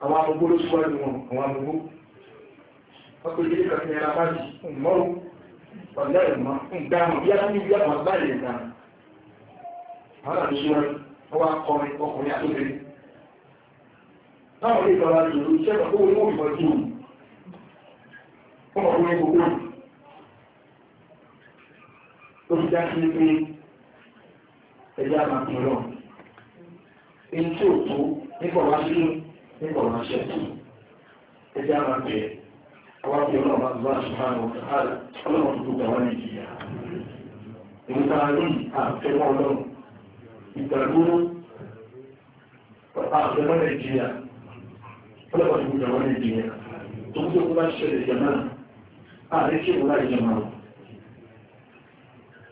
àwọn amúgbó ló síwájú wọn àwọn amúgbó wọ́n pè é kàfin ẹ̀rọ abájì ẹ̀mọ́ ńdáhùn bí a àwọn àti síwájú tó fi dájú pé ẹjẹ́ àmà kì í lọ. Èyí tí ò tó nípa wá sí nípa wá ṣẹ̀ tó. Ẹjẹ́ àmà bẹ̀ àwọn àti ọlọ́run bá gbọ́ àṣùhàn ọlọ́run tó gbà wá ní ìjìyà. Ìwúta lóyìn àfẹ́wọ́ ọlọ́run. Ìgbàgbóró àfẹ́wọ́ Nàìjíríà. Ọlọ́run tó gbà wá ní ìjìyà. Tó ń tó kó bá ṣẹlẹ̀ jẹ̀ náà. Àrẹ́ṣẹ́ ìwúlá ìjọba.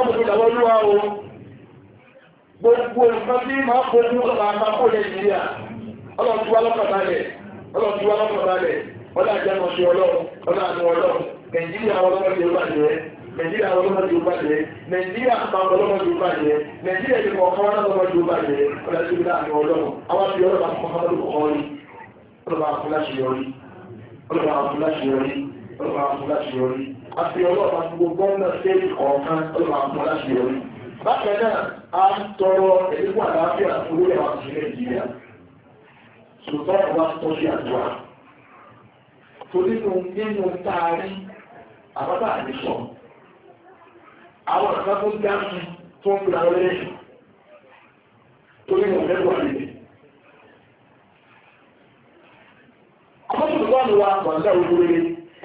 ọmọ ìdàwọ́ ló wá o gbogbo nǹkan tí máa fojú ọ̀la àpapọ̀ nàìjíríà ọlọ́ọ̀túwá lọ́kọ̀ọ́ta rẹ̀ ọlọ́ọ̀túwá lọ́kọ̀ọ́ta rẹ̀ ọlọ́ọ̀tí àmọ̀ṣe ọlọ́run ọlọ́ọ̀nù ọlọ́run nàìjíríà ọlọ́mọdé ó bàjẹ́ nàìjíríà ọlọ́mọdé ó bàjẹ́ nàìjíríà àpapọ̀ ọlọ́mọdé ó bàjẹ́ nàìjíríà ìdìbò ọ̀kan ọlọ́mọdé ó bàjẹ́ ọlọ́ọ̀tí láàánú ọlọ́run àwọn àti ọlọ́ba mọ́kànlélọ́rùn ọ̀rí ọlọ́ba àfúláṣeyọrí ọlọ́ba àfúláṣeyọrí ọlọ́ba àfúláṣeyọrí àti ọlọ́ọ̀bá gbogbo gọ́ọ̀nà sẹ́ẹ̀lì kọ̀ọ̀kan tó máa mú láti yọrí. Bákan náà, a ń tọrọ ẹ̀dínkù àlàáfíà fún orí àwọn àti Nàìjíríà. Sùtọ́ ọ̀gá tó ṣe àdúrà. Torí nu nínú taari, àbábà àti sọ. Àwọn àgbà tó dá sí tó ń gbà lẹ́yìn. Torí nu mẹ́wàá lè. Àbọ̀sùn wà ní wa wà ń dá ogun rere.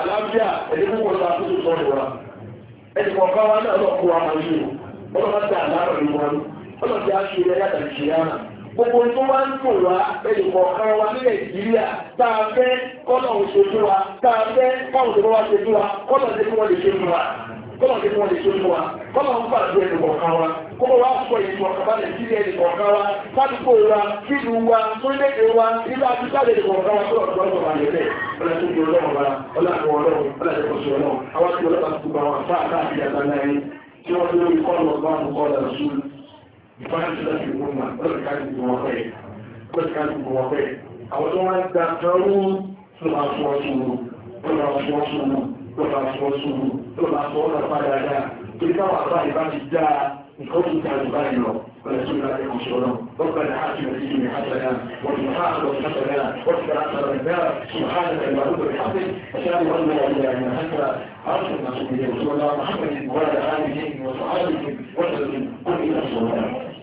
àlàáfíà ẹ̀dẹ́ púpọ̀ lọ́wọ́ àtúntò sọ ìwà ẹni kọ̀ọ̀kan wa náà lọ kó wa máa yìí ọlọ́ máa dà láàrọ̀ ní wọn ọlọ́ ti á ṣe ilẹ̀ yàtà ìṣìyàmà gbogbo tó wá ń tò wá ẹni kọ̀ọ̀kan wa ní Nàìjíríà tá a fẹ́ kọ́nà òṣèlú wa tá a fẹ́ kọ́nà òṣèlú wa ṣèlú wa kọ́nà òṣèlú wọn lè ṣe fún wa kọ́lọ̀ tí wọ́n lè tó mú wa kọ́lọ̀ ń pàdé ẹni kọ̀ọ̀kan wa kọ́lọ̀ wá sọ ìlú ọ̀kọ̀bálẹ̀ sí ẹni kọ̀ọ̀kan wa sádùkú wa kílù wa orílẹ̀-èdè wa ilé àtúntàlẹ̀ ẹni kọ̀ọ̀kan wa kọ́lọ̀ tó wọ́n wà lẹ́lẹ̀ ọlọ́tún ọlọ́run wa ọlọ́run ọlọ́run ọlọ́run àwọn tí ọlọ́pàá ti gbà wọn fáà káàkiri àtàlẹ́ ẹni tí wọ́n tó lórí kọ́lọ̀ ọgbọ́n kọ́lọ̀ rasul ìfáàtìláti ìwọ̀nà lọ́sìkáàtì ìwọ̀nfẹ́ àwọn tó wọ́n gbà tọrún tó bá fọ́ sùúrù tó bá fọ́ sùúrù tó bá fọ́ sùúrù tó máa fọ́ ọ́nà padà dáa kí káwọn àbá ìbá ti dáa nǹkan tó ta ìbá yìí lọ ورسولنا عليكم شغلهم ربنا حاكم فيه حسنا وفي حاكم حسنا وفي عشر النار سبحانك اللهم بحقك أشهد أن لا إله إلا أنت أرسل رسول الله محمد وعلى آله وصحبه وسلم قل إلى الصلاة